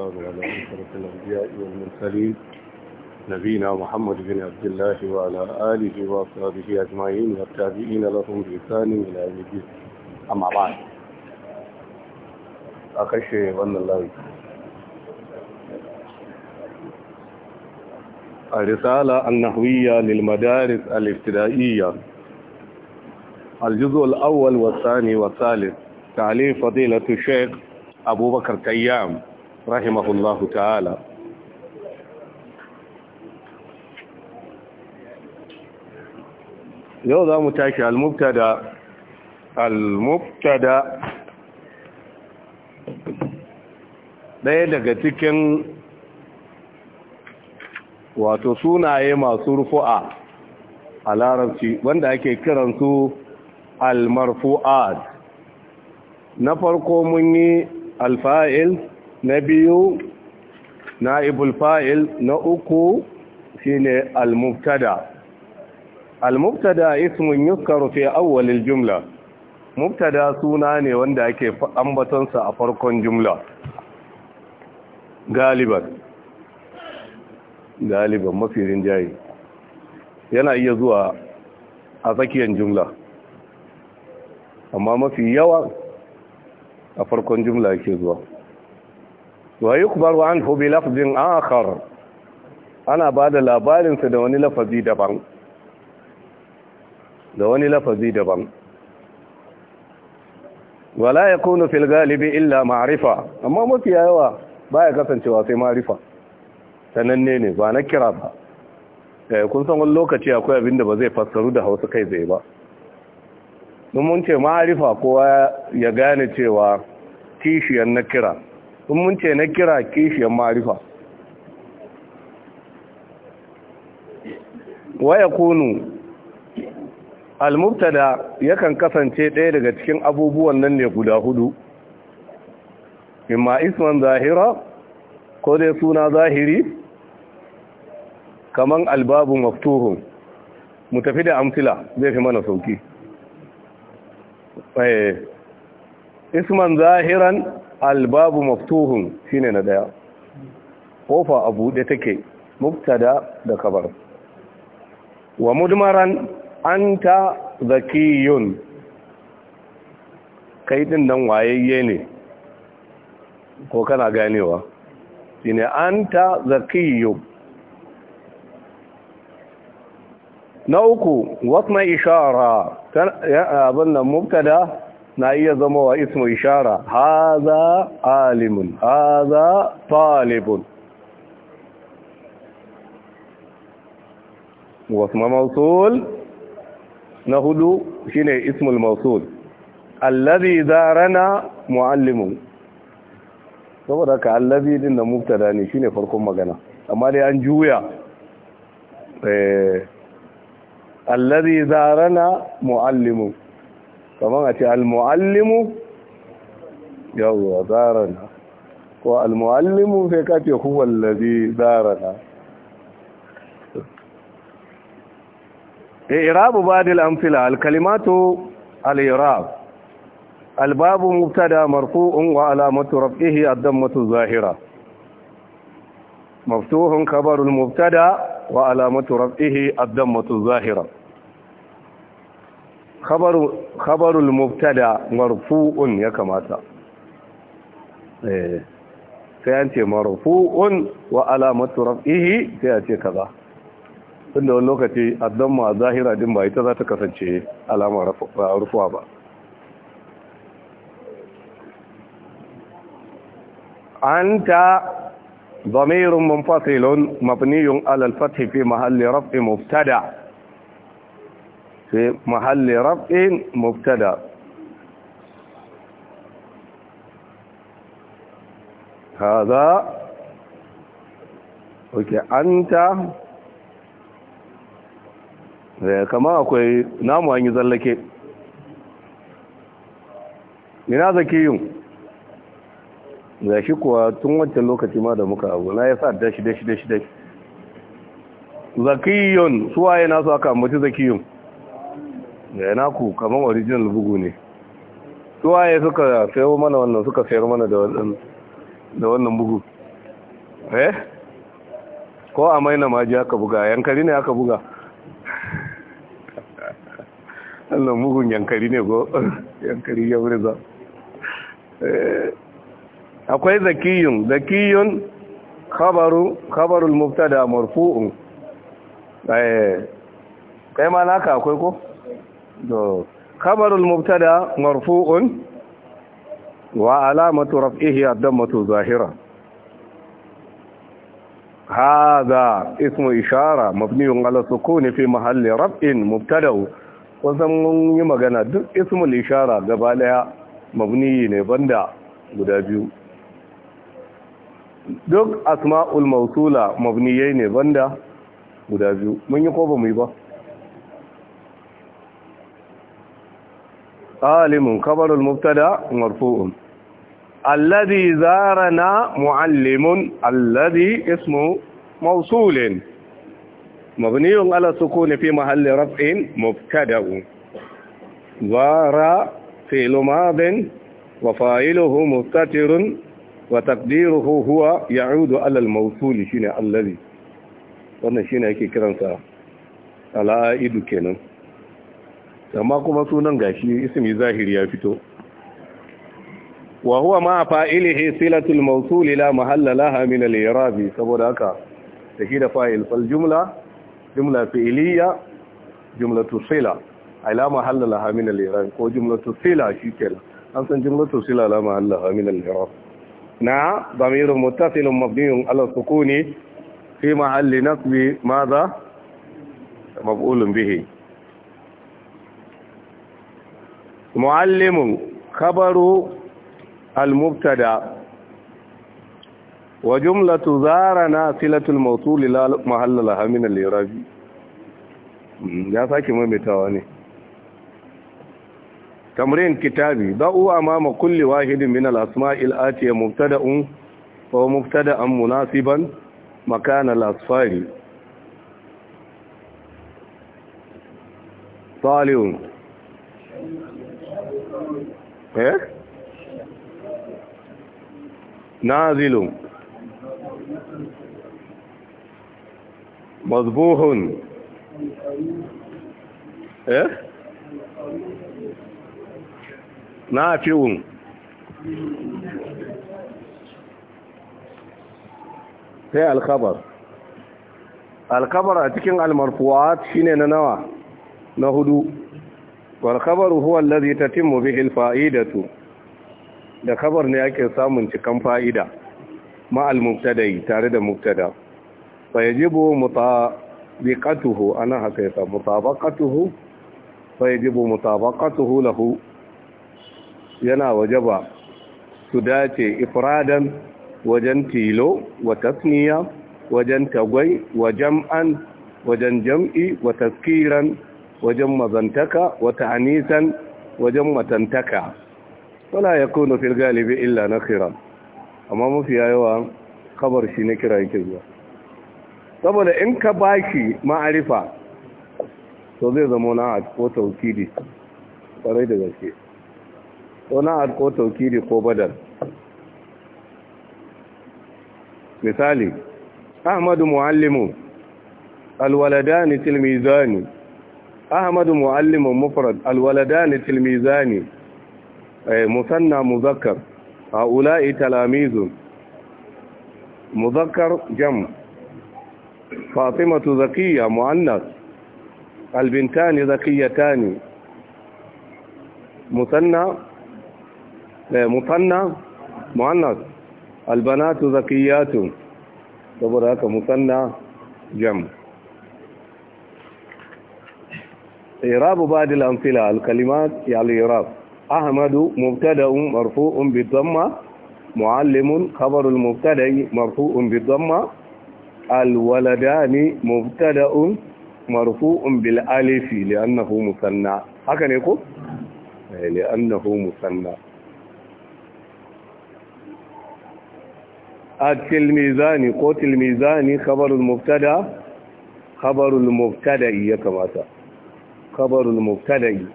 والسلام على أشرف الأنبياء والمرسلين نبينا محمد بن عبد الله وعلى آله وصحبه أجمعين والتابعين لهم بإحسان إلى يوم الدين أما بعد أخشى وأن الله الرسالة النحوية للمدارس الابتدائية الجزء الأول والثاني والثالث تعليم فضيلة الشيخ أبو بكر كيام rahimahullahu ta'ala yau za mu tashi al-mubtada al-mubtada ɗaya daga cikin wato sunaye masu rufu'a a larabci wanda ake kiransu al-marfu'ad na farko mun yi alfa'il na biyu na'ibul fa'il na uku shine al-mubtada al-mubtada ismun yuzkaru fi awwalil jumla mubtada suna ne wanda ake ambaton sa a farkon jumla galiban galiban mafi rinjaye yana iya zuwa a tsakiyar jumla amma mafi yawa a farkon jumla ke zuwa ويخبر عنه بلفظ bi lafzin بعد ana bada labarin sa da wani lafazi daban da wani lafazi daban wala yakunu fil galibi illa ma'rifa amma mafi yawa baya kasancewa sai sananne ne ba na kira ba eh, kun san wani lokaci akwai abin da ba zai fassaru da hausa kai zai ba mun ce ma'arifa kowa ya gane cewa kishiyar na kira in mun ce na kira kishiyar marifa waya kunu almubtada yakan kasance ɗaya daga cikin abubuwan nan ne guda hudu imma isman zahira ko dai suna zahiri kaman albabu mafturun mu tafi da amsila zai fi mana sauki eh, isman zahiran albabu maftuhun shine na daya kofa a buɗe take mubtada da kabar wa mudmaran anta zakiyun kai din nan wayayye ne ko kana ganewa shine anta zakiyun na uku wasna ishara abin nan mubtada na iya zama wa ismu ishara haza alimun haza talibun wasu mausul na hudu shine ismul mausul allazi zarana muallimun saboda ka allazi din da mubtada ne shine farkon magana amma dai an juya eh allazi zarana muallimun kamar a ce almu'allimu yawwa zarana ko almu'allimu sai ka ce huwa allazi E eh, i'rabu badil amsila alkalimatu al-i'rab albabu mubtada marfu'un wa alamatu raf'ihi ad-dammatu zahira مفتوح خبر المبتدا وعلامه رفعه الضمه الظاهره khabarul mubtada marfu'un ya kamata eh, sai an ce marfu'un wa alamatu raf'ihi sai ce kaza Inda wani lokaci addamma zahira din ba ita za ta kasance alamar rufuwa ba anta ضمير منفصل مبني alal الفتح في raf'i mubtada في محل رفع مبتدا هذا اوكي انت kama akwai namu an yi zallake ina zaki yin ga shi kuwa tun wancan lokaci ma da muka abu na ya sa dashi dashi dashi dashi zakiyun suwaye nasu aka zaki zakiyun da yana ku kamar original bugu ne suwaye suka sayo mana wannan suka sayar mana da wannan bugu eh ko a maina maji aka buga yankari ne aka buga wannan bugun yankari ne ko yankari ya wuri za eh, akwai zakiyun zakiyun khabaru khabarul mubtada marfu'un eh kai ma naka akwai ko خبر المبتدا مرفوع marfu'un رفعه الضمه raf'ihi zahira هذا اسم اشاره مبني على السكون في محل رفع مبتدا وزمن يمغنا duk اسم ishara gaba daya mabni ne banda guda biyu duk asma'ul mawsula mabniyai ne banda guda biyu mun yi ko ba mu yi ba alimun kabarul mubtada marfu'un alladhi na muallimun alladhi ismu mausulin mabniyun ala sukuni fi mahalli raf'in muftada'u zara fi'l wa fa'iluhu mustatirun wa taqdiruhu huwa ya'udu ala al shi shine alladhi wannan shine ake kiransa ala'idu kenan amma kuma sunan gashi ismi zahiri ya fito wa huwa ma fa'ilihi silatul mawsul ila mahallalaha min al-i'rab saboda haka take da fa'il fal jumla jumla fi'liya jumlatu sila ala mahallalaha min al-i'rab ko jumlatu sila shikenan an san jumlatu sila ala mahallalaha min al-i'rab na damirun muttasilun mabniyun ala sukuni fi mahalli nasbi madha maf'ulun bihi mu'allimun Kabaru al-mubtada wa jumlatu na silatul mawsul ila mahallala min al-irabi hmm, ya sake maimaitawa ne تمرين كتابي ضعوا أمام كل واحد من الأسماء الآتية مبتدأ فهو مبتدأ مناسبا مكان الأصفار طالب eh nazilun mazbuhun eh nafi'un sai alkhabar alkhabar a cikin almarfuwat shine na nawa na hudu wal khabaru huwa allazi tatimmu bihi fa'idatu da khabar ne ake samun cikan fa'ida ma al mubtada'i tare da mubtada fa yajibu mutabiqatuhu ana haka mutabaqatuhu fa yajibu mutabaqatuhu lahu yana wajaba su dace ifradan wajen tilo wa tasniya wajen tagwai wa jam'an wajen jam'i wa taskiran wajen mazantaka wata anisan wajen matantaka wala ya kono fil galibi illa na kira amma mafi yawa kabar shi na kira yake zuwa saboda in ka bashi ma'arifa to zai zama na ko taukidi kwarai da gaske ko na ko taukidi ko badal misali ahmadu muallimu alwaladani tilmizani أحمد معلم مفرد الولدان تلميذان مثنى مذكر هؤلاء تلاميذ مذكر جم فاطمة ذكية مؤنث البنتان ذكيتان مثنى مثنى مؤنث البنات ذكيات مثنى جم irabu badi lamfila alkalimat ya al-irab ahmadu mubtada'un marfu'un bidamma muallimun khabarul mubtada'i marfu'un bidamma alwaladani mubtada'un marfu'un bil alifi li'annahu musanna haka ne ku li'annahu musanna akil mizani qutil mizani khabarul mubtada khabarul mubtada'i ya kamata خبر المبتدأ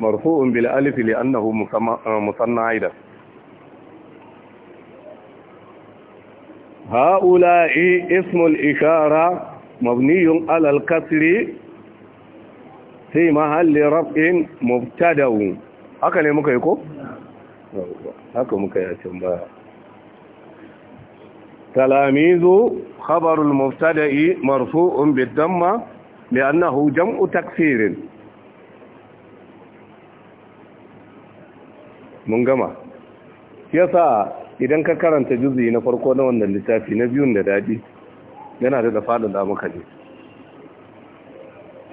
مرفوع بالألف لأنه مصنع أيضا هؤلاء اسم الإشارة مبني على الكسر في محل رفع مبتدأ haka ne muka yi ko? haka muka yi a can baya talamizu khabarul muftada'i marfu'un bid-damma li'annahu jam'u takfirin mun gama yasa idan ka karanta juzi na farko na wannan littafi na biyun da daɗi yana da faɗin da muka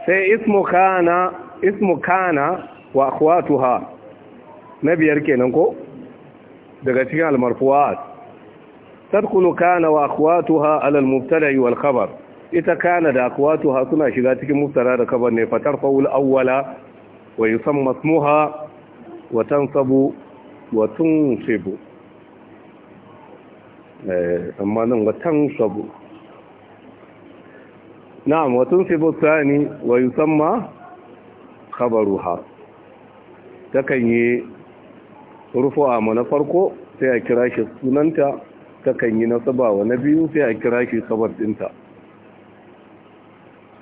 sai ismu kana ismu kana wa akhwatuha na biyar kenan ko daga cikin almarfuat tadkhulu kana wa akhwatuha ala almubtada'i wal khabar ita kana da akhwatuha suna shiga cikin mubtada da kabar ne fatar al-awwala wa yusamma ismuha wa tansabu eh, amma nan wa na'am wa tsani wa takan yi rufu'a na farko sai a kira shi sunanta takan yi nasaba na biyu sai a kira shi sabar dinta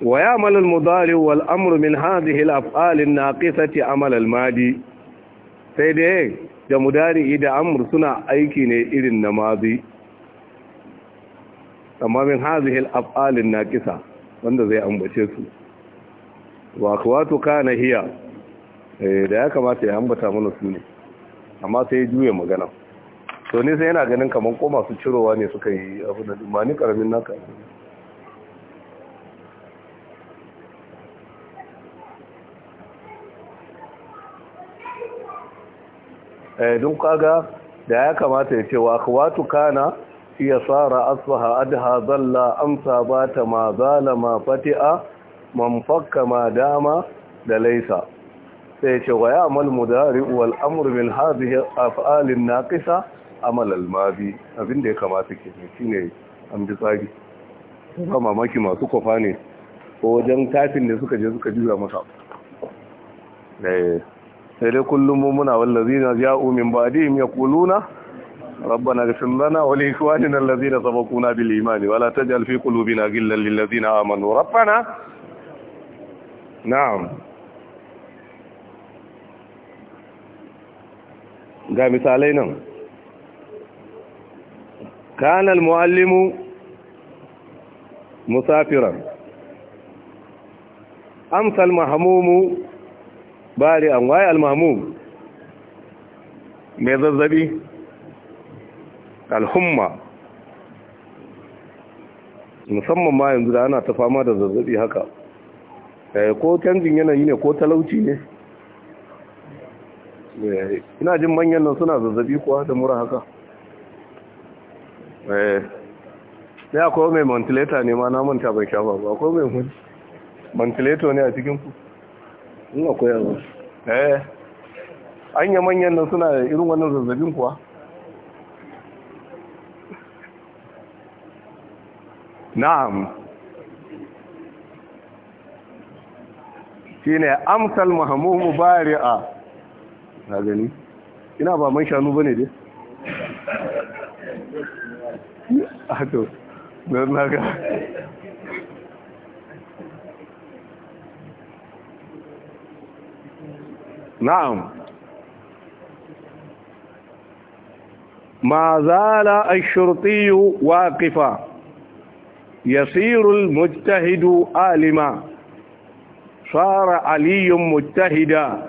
ويعمل المضارع والأمر من هذه الأفعال الناقصة عمل المادي sai dai da mudari da amur suna aiki ne irin na mazi amma min hazihil af'alin naqisa wanda zai ambace su wa ka kana hiya eh, da ya kamata ya ambata mana su ne amma sai ya juye magana to ne sai yana ganin kamar ko masu cirowa ne suka yi abu da dumani karamin naka Eh, don kaga da ya kamata ya ce wa akhwatu kana hiya sara asbaha adha dhalla amsa bata ma zalama fati'a man fakka ma dama da laisa sai ce wa ya'mal mudari wal amru min hadhihi af'alin naqisa amal almadi abin da ya kamata ke shine an bi tsari kuma mamaki masu kofa ne ko wajen tafin da suka je suka jira masa eh sai dai kullum mu muna wallazina ja'u min ba'dihim yaquluna ربنا اغفر لنا ولإخواننا الذين سبقونا بالإيمان ولا تجعل في قلوبنا غلا للذين آمنوا ربنا نعم ga misalai nan kanal muallimu musafiran amsal mahamumu bari an waye almamu mai zazzabi alhumma musamman ma yanzu da ana ta fama da zazzabi haka eh, ko canjin yanayi ne ko talauci ne eh, ina jin manyan nan suna zazzabi kuwa da mura haka ne eh, akwai mai mantileta ne ma na manta bai shafa ba akwai mai mantileta ne a cikin ku ina akwai yanzu eh anya manyan nan suna da irin wannan zazzabin kuwa na'am shine amsal mahmumu bari'a na gani ina ba man shanu bane dai ato to na ga نعم ما زال الشرطي واقفا يصير المجتهد آلما صار علي مجتهدا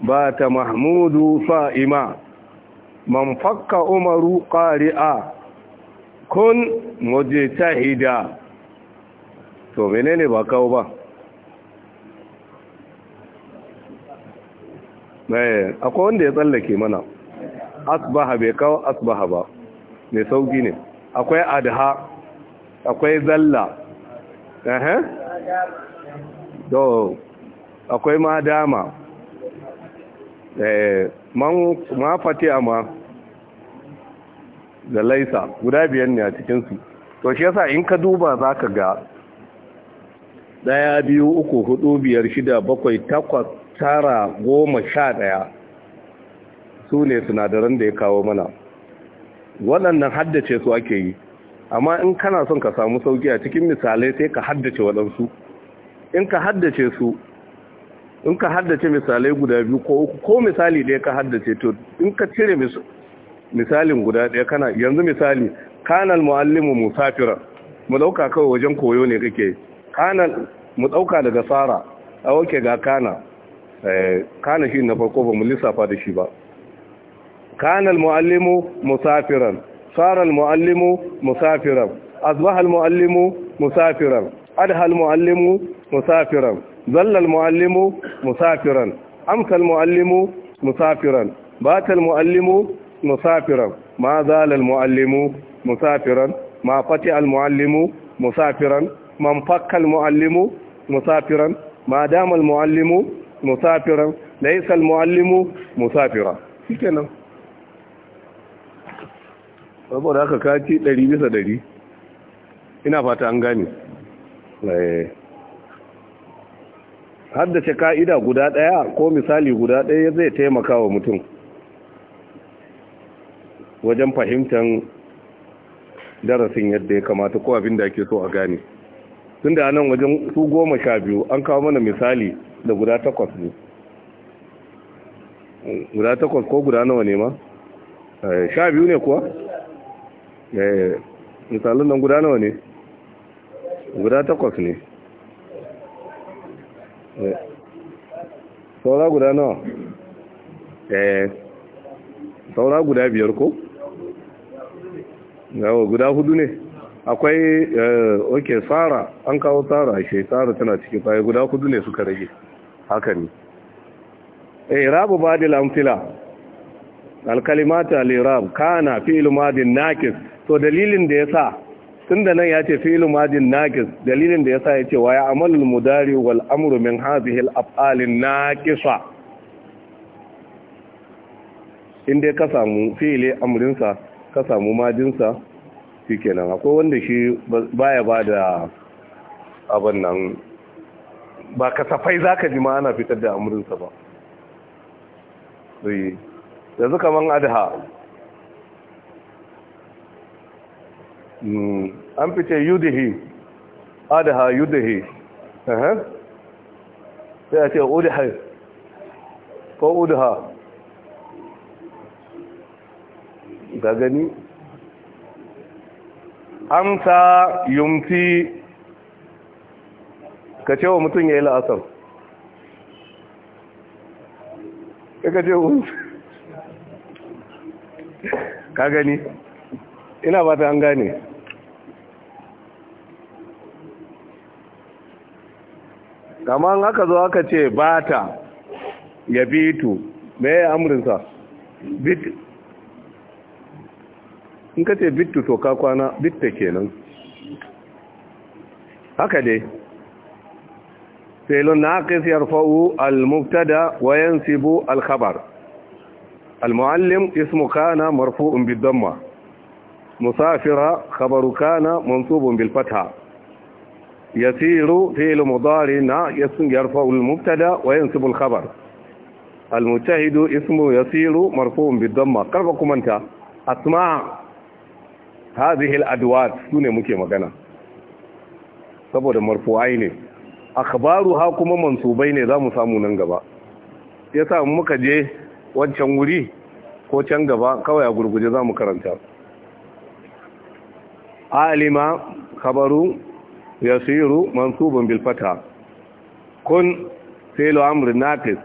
بات محمود صائما من فك عمر قارئا كن مجتهدا تو منين باكاو Eh, akwai wanda ya tsallake mana asbaha bai kawo asbaha ba mai sauki ne akwai adha akwai zalla akwai ma dama. Eh, man ma fatiha ma da laisa guda biyan ne a cikinsu. to shi yasa in ka duba za ka ga daya biyu uku hudu biyar shida bakwai takwas tara goma sha ɗaya su ne sinadaran da ya kawo mana waɗannan haddace su ake yi amma in kana son ka samu sauki a cikin misalai sai ka haddace waɗansu in ka haddace su in ka haddace misalai guda biyu ko uku ko misali ɗaya ka haddace to in ka cire misalin guda ɗaya kana yanzu misali kanal muallimu musafira mu ɗauka kawai wajen koyo ne kake kanal mu ɗauka daga tsara a wake ga kana kana shi na farko ba mu lissafa da shi ba kana almuallimu musafiran sara almuallimu musafiran asbaha almuallimu musafiran adha almuallimu musafiran zalla almuallimu musafiran amsa almuallimu musafiran bata almuallimu musafiran ma zala almuallimu musafiran ma fati almuallimu musafiran man fakka almuallimu musafiran ma dama almuallimu musafiran laysa almuallimu musafira shikenan saboda haka ka 100 bisa 100 ina fata an gane eh. haddace ka'ida guda ɗaya ko misali guda ɗaya zai taimaka wa mutum wajen fahimtar darasin yadda ya kamata ko abin da ake so a gane tun da nan wajen su goma sha biyu an kawo mana misali da guda takwas ne guda takwas ko guda nawa ne ma eh, sha biyu ne kuwa eh, misalin nan guda nawa ne guda takwas ne eh, saura guda nawa saura guda biyar ko guda hudu ne akwai eh, oke tsara an kawo tsara a tsara tana ciki baya guda kudu ne suka rage haka ne eh, rabu badil amfila alkalimata lirab kana fi'il madin nakis to dalilin da yasa tunda nan ya ce fi'il madin nakis dalilin da yasa yace wa ya amalul mudari wal amru min hadhihi al af'al naqisa inda ka samu fi'ile amrinsa ka samu madinsa shi kenan akwai wanda shi baya ba da abin nan ba kasafai za ka ji ma ana fitar da amurinsa ba zai yanzu kaman adha hmm, an fice yudhi adha yudhi sai a ce udha ko udha ga gani amsa yumti ka ce wa mutum ya yi la'asar ka ce ka gani ina ba ta an gane kamar haka zo aka ce ba ta ya bitu mai amurinsa in ka ce Bittu to ka kwana bitta kenan haka dai felon na aka siyar fa’u al-muktada wayan sibu al-khabar al-muallim ismu kana bi damma. musafira khabaru kana mansubun bilfata ya siru felon mudari na ya siyar fa’u al-muktada wayan sibu al-khabar al-mutahidu ismu ya siru marfu’un bidanma ƙarfa kumanta asma. hazihil adwar su ne muke magana saboda marfu'ai ne akhbaru ha kuma mansubai ne zamu samu nan gaba yasa muka je wancan wuri ko can gaba kawai a gurguje zamu karanta alima khabaru yasiru mansubun bil fatha kun fi'lu amr naqis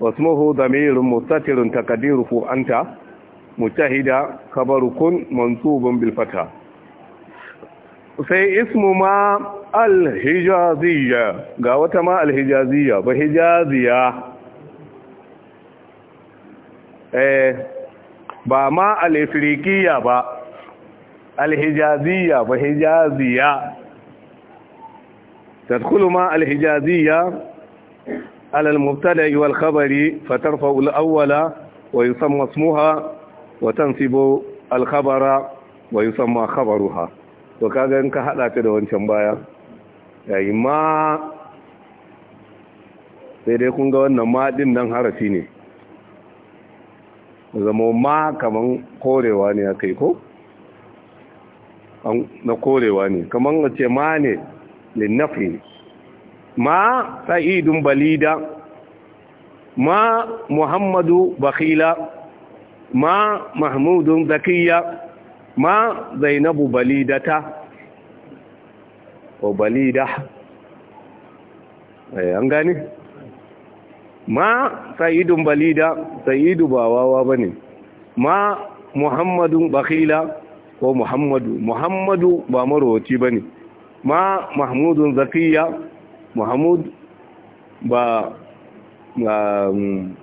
wasmuhu dhamirun mustatirun taqdiruhu anta متهدة خبر كن منصوب بالفتحة سي اسم ما الهجازية قاوة ما الهجازية بهجازية إيه، با ما الافريقية با الهجازية بهجازية تدخل ما الهجازية على المبتدأ والخبر فترفع الأول ويسمى اسمها watansibo alkhabara wa yusamma khabaruha to kaga in ka hada ta da wancan baya yayi ma sai dai kun ga wannan ma din nan harafi ne zama ma kaman korewa ne akai ko na korewa ne kaman a ce ma ne linnafi ma sa'idun balida ma muhammadu bakila ma mahmudun zakiya ma zainabu balidata o balida eh, an gani ma sa'idun balida sa'idu ba wawa ba ne ma muhammadun bakila ko muhammadu muhammadu ba marowaci ba ne ma mahmudun zakiya muhammad ba um,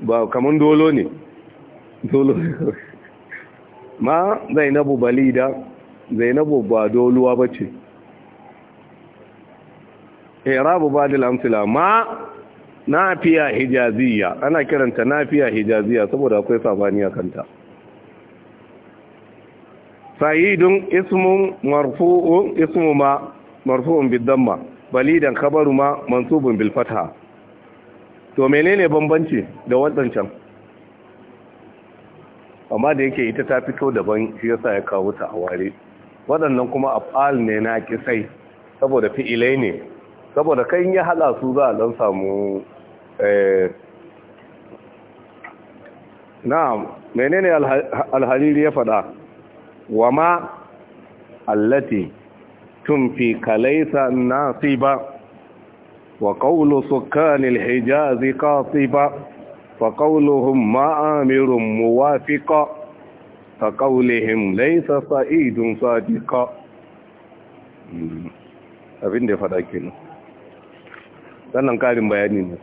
ba kamar dolo ne dolo ma zainabu balida zainabu ba doluwa ba ce irabu ba da lamtila ma nafiya hijaziya ana kiranta nafiya hijaziya saboda akwai sabaniya kanta sayidun ismun marfu'un ismu ma marfu'un bidamma balidan kabaru ma mansubun bilfata to menene bambanci da wadancan amma da yake ita ta fito daban shi yasa ya kawo ta a ware waɗannan kuma afal ne na kisai saboda fi'ilai ne saboda kai ya hada su za a dan samu eh, na'am menene alhariri ya faɗa ma allati tunfi kalaisa nasiba wa qawlu sukkanil hijazi qatiba فقولهم ما آمر موافق فقولهم ليس صعيد صادق abin da ya faɗa nan, sannan ƙarin bayani ne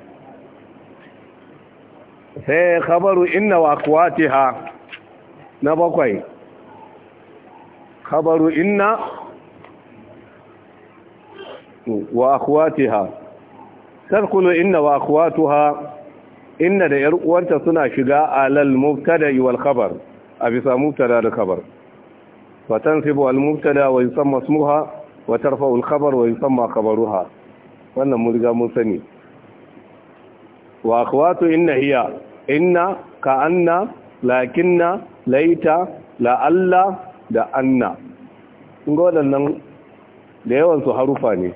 sai khabaru inna wa akwatiha na bakwai khabaru inna wa Sarkulu tarkulu inna wa akwatuha inna da yar uwarta suna shiga alal mubtada wal khabar a bisa mubtada da khabar watan tansibu al mubtada wa yusamma ismuha wa tarfa al khabar wa yusamma khabaruha wannan mun riga mun sani wa akhwatu inna hiya inna ka anna lakinna laita alla da anna kun ga waɗannan da yawansu harufa ne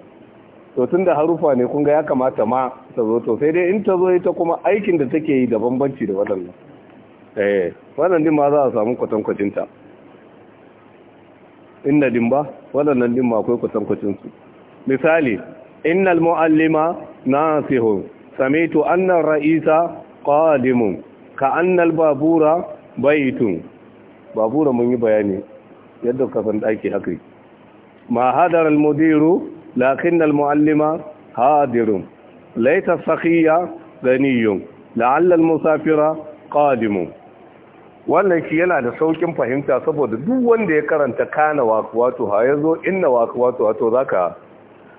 to tun da harufa ne kunga ya kamata ma ta zo to sai dai in ta zo ita kuma aikin da take yi da bambanci da waɗannan eh waɗannan din ma za a samu kwatankwacinta inna din ba waɗannan din ma akwai kwatankwacinsu misali innal mu'allima nasihu samitu anna ra'isa qadimun ka annal babura baitun babura mun yi bayani yadda ka san daki haka ma hadar al mudiru لكن المعلم حاضر ليس السخي غني لعل المسافر قادم wannan shi yana da saukin fahimta saboda duk wanda ya karanta kana wato ha yazo inna wato wato zaka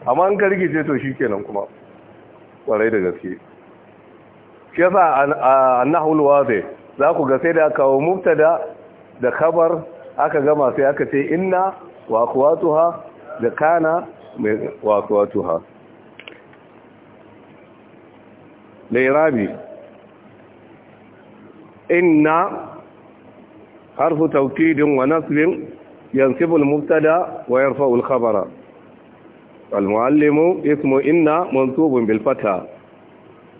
amma an gargije to shikenan kuma kwarai da gaske shi yasa annahu alwazi za ku ga sai da aka kawo mubtada da khabar aka gama sai aka ce inna wa da kana wasuwatuha lairabi inna harfu taukidin wa nasirin yansibu al-mubtada wa yarfa'u al-khabara al-muallimu ismu inna mansubun bil fatha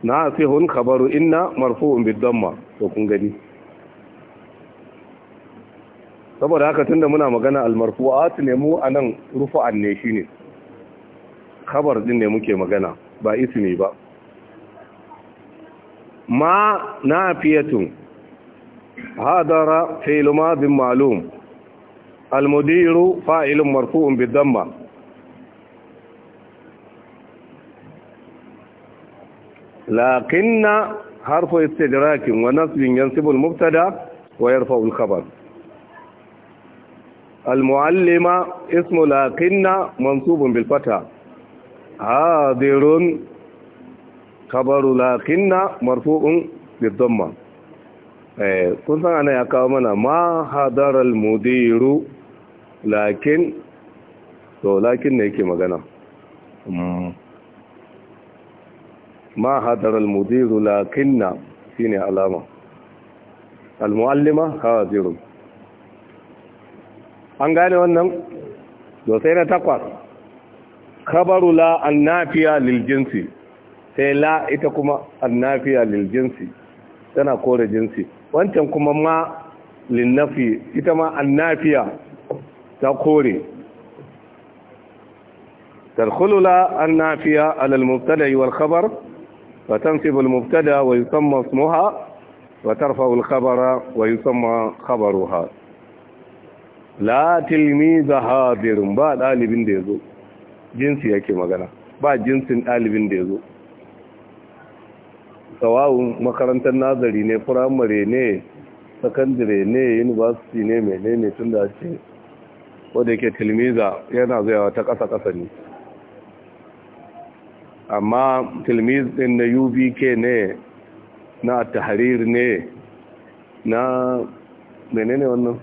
nasihun khabaru inna marfu'un bid damma to kun gani saboda haka tunda muna magana al-marfu'at ne mu anan rufu'an ne shine Kabar din ne muke magana ba ismi ba ma nafiyatun hadara fi'l madin ma'lum al-mudiru fa'ilun marfu'un bid lakinna harfu istidrakin wa nasbin yansibu al-mubtada wa yarfa'u al-khabar المعلمة اسم لكن منصوب بالفتح hadirun kabaru lakinna marfu'un biddamma kun san ana ya kawo mana ma hadaral mudiru lakin to lakin ne yake magana ma hadaral mudiru na shine alama al-muallima hadirun an gane wannan sai na takwas kabaru la annafiya jinsi, sai la ita kuma annafiya jinsi, tana kore jinsi wancan kuma ma linnafi ita ma annafiya ta kore tarkulu la annafiya alalmubtada yiwar kabar watan sibul mubtada wa yusamma smuha wa tarfa'ul kabara wa yusamma kabaruha la tilmi zaha birin ba dalibin da ya zo jinsi yake magana ba jinsin ɗalibin da ya zo tsawawun makarantar nazari ne firamare ne sakandare ne university ne menene tun da ce wadda yake tilmiza yana zuwa ta ƙasa-ƙasa ne amma tilmiz ɗin na ubk ne na taharir ne na menene wannan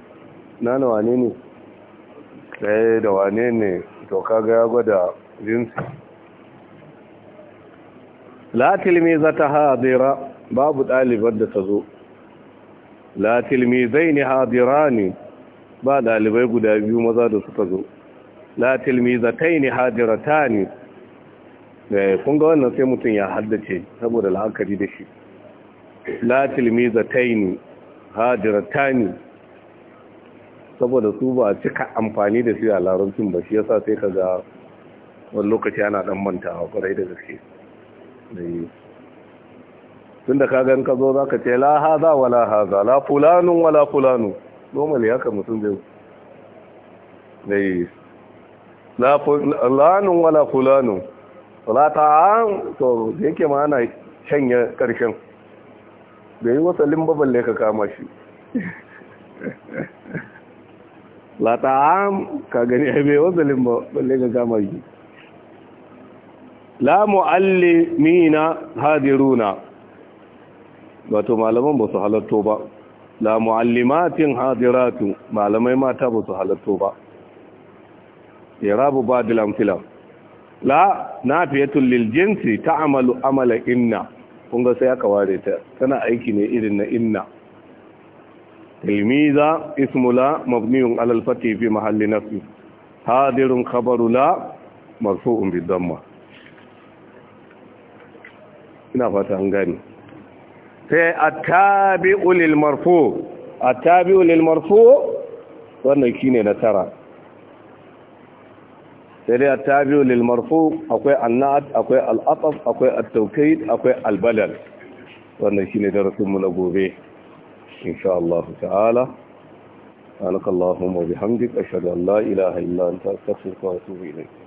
na na wane ne Sai eh, da wane ne to kaga ya gwada jinsi la tilmiza ta hadira babu ɗalibar da ta zo la tilmizai ne hadira ne ba ɗalibai guda biyu maza da suka zo la tilmizatai ne hadirata ne eh, ya kunga wannan sai mutum ya haddace saboda la'akari da shi la tilmizatai ne hadirata ne saboda su ba a cika amfani da su a larabcin ba shi yasa sai ka ga wani lokaci ana dan a kwarai da gaske eh. tun da kagan ka zo za ka ce la haza wala haza la fulanun wala fulanu ne haka mutum zai dai eh. la fulanun wala fulanu ta an to yake ma ana shanya karshen bai yi wasalin ne ka kama shi la ka gani ai eh, bai wazalin ba balle ga gama yi la mu'allimina hadiruna wato malaman ba su halatto ba la mu'allimatin hadiratu malamai mata ba su halatto ba irabu badil amthila la nafiyatul lil jinsi ta'malu amala inna kun ga sai aka ware ta tana aiki ne irin na inna تلميذا اسم لا مبني على الفتح في محل نصب حاضر خبر لا مرفوع بالضمه ina fata an gani sai attabi'u lil marfu attabi'u lil marfu wannan shine na tara sai dai attabi'u lil marfu akwai annat akwai al-ataf akwai at-tawkid akwai al-balal wannan shine darasin mu na gobe insha Allah ta'ala سبحانك اللهم وبحمدك أشهد أن لا إله إلا أنت أستغفرك وأتوب إليك